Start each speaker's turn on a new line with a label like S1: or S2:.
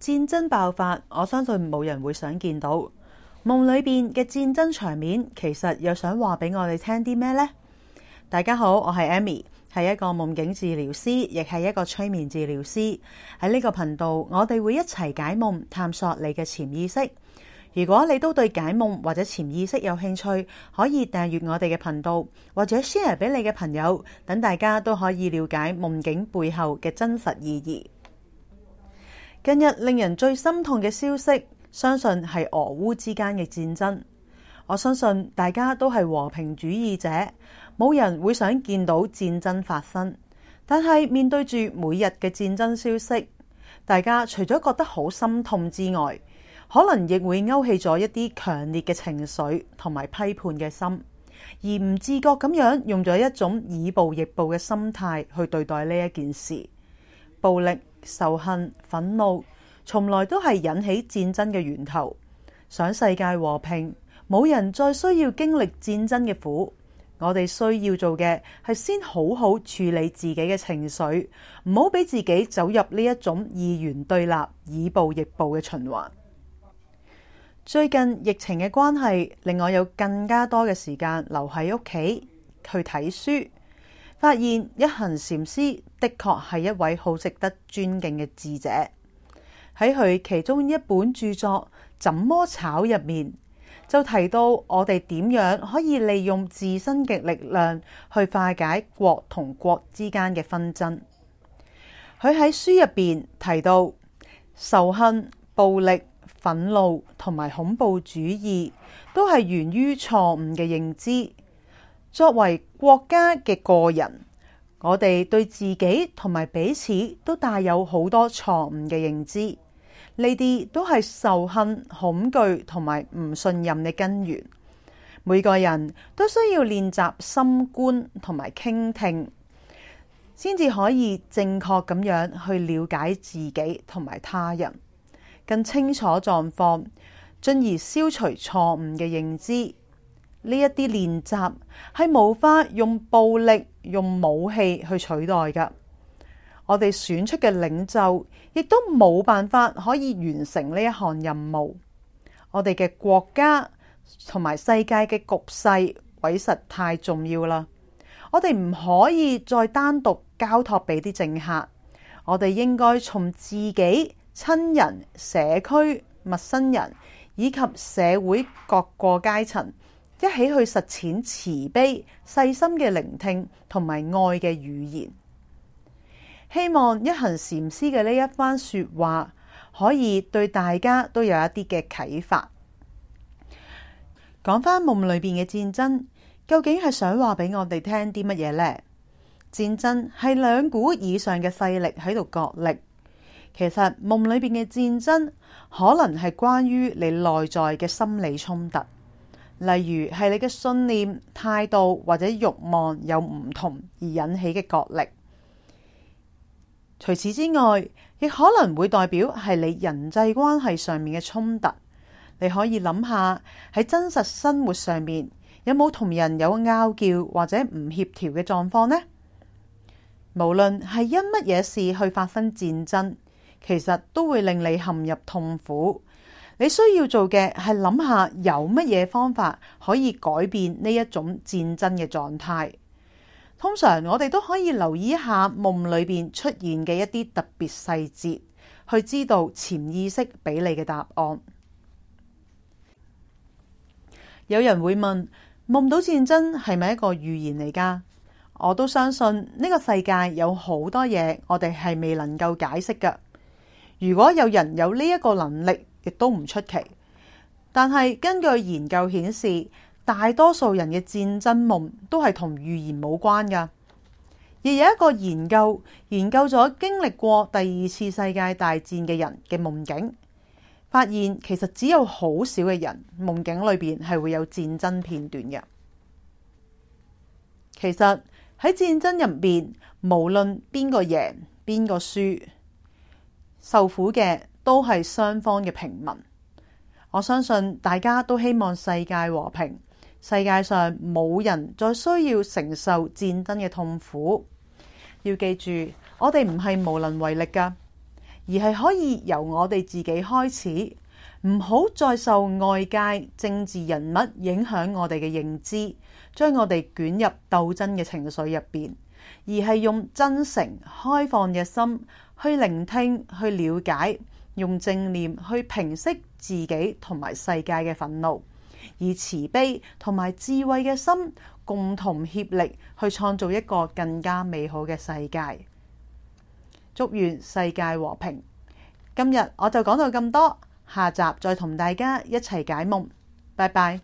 S1: 戰爭爆發，我相信冇人會想見到夢裏邊嘅戰爭場面。其實又想話俾我哋聽啲咩呢？大家好，我係 Amy，係一個夢境治療師，亦係一個催眠治療師。喺呢個頻道，我哋會一齊解夢，探索你嘅潛意識。如果你都對解夢或者潛意識有興趣，可以訂閱我哋嘅頻道，或者 share 俾你嘅朋友，等大家都可以了解夢境背後嘅真實意義。近日令人最心痛嘅消息，相信係俄烏之間嘅戰爭。我相信大家都係和平主義者，冇人會想見到戰爭發生。但係面對住每日嘅戰爭消息，大家除咗覺得好心痛之外，可能亦會勾起咗一啲強烈嘅情緒同埋批判嘅心，而唔自覺咁樣用咗一種以暴易暴嘅心態去對待呢一件事，暴力。仇恨、憤怒，從來都係引起戰爭嘅源頭。想世界和平，冇人再需要經歷戰爭嘅苦。我哋需要做嘅係先好好處理自己嘅情緒，唔好俾自己走入呢一種二元對立、以暴易暴嘅循環。最近疫情嘅關係，令我有更加多嘅時間留喺屋企去睇書。發現一行禪師的確係一位好值得尊敬嘅智者。喺佢其中一本著作《怎麼炒》入面，就提到我哋點樣可以利用自身嘅力量去化解國同國之間嘅紛爭。佢喺書入邊提到，仇恨、暴力、憤怒同埋恐怖主義都係源於錯誤嘅認知。作為國家嘅個人，我哋對自己同埋彼此都帶有好多錯誤嘅認知，呢啲都係仇恨、恐懼同埋唔信任嘅根源。每個人都需要練習心觀同埋傾聽，先至可以正確咁樣去了解自己同埋他人，更清楚狀況，進而消除錯誤嘅認知。呢一啲練習係無法用暴力、用武器去取代㗎。我哋選出嘅領袖亦都冇辦法可以完成呢一項任務。我哋嘅國家同埋世界嘅局勢委實太重要啦。我哋唔可以再單獨交託俾啲政客，我哋應該從自己、親人、社區、陌生人以及社會各個階層。一起去實踐慈悲、細心嘅聆聽同埋愛嘅語言，希望一行禪師嘅呢一番說話可以對大家都有一啲嘅啟發。講返夢裏邊嘅戰爭，究竟係想話俾我哋聽啲乜嘢呢？戰爭係兩股以上嘅勢力喺度角力。其實夢裏邊嘅戰爭可能係關於你內在嘅心理衝突。例如係你嘅信念、態度或者慾望有唔同而引起嘅角力。除此之外，亦可能會代表係你人際關係上面嘅衝突。你可以諗下喺真實生活上面有冇同人有拗撬或者唔協調嘅狀況呢？無論係因乜嘢事去發生戰爭，其實都會令你陷入痛苦。你需要做嘅係諗下，有乜嘢方法可以改變呢一種戰爭嘅狀態？通常我哋都可以留意一下夢裏邊出現嘅一啲特別細節，去知道潛意識俾你嘅答案。 有人會問：夢到戰爭係咪一個預言嚟噶？我都相信呢個世界有好多嘢，我哋係未能夠解釋噶。如果有人有呢一個能力，亦都唔出奇，但係根據研究顯示，大多數人嘅戰爭夢都係同預言冇關㗎。亦有一個研究研究咗經歷過第二次世界大戰嘅人嘅夢境，發現其實只有好少嘅人夢境裏邊係會有戰爭片段嘅。其實喺戰爭入邊，無論邊個贏邊個輸，受苦嘅都係雙方嘅平民，我相信大家都希望世界和平，世界上冇人再需要承受戰爭嘅痛苦。要記住，我哋唔係無能為力㗎，而係可以由我哋自己開始，唔好再受外界政治人物影響我哋嘅認知，將我哋捲入鬥爭嘅情緒入邊，而係用真誠、開放嘅心去聆聽，去了解。用正念去平息自己同埋世界嘅憤怒，以慈悲同埋智慧嘅心，共同協力去創造一個更加美好嘅世界。祝願世界和平。今日我就講到咁多，下集再同大家一齊解夢，拜拜。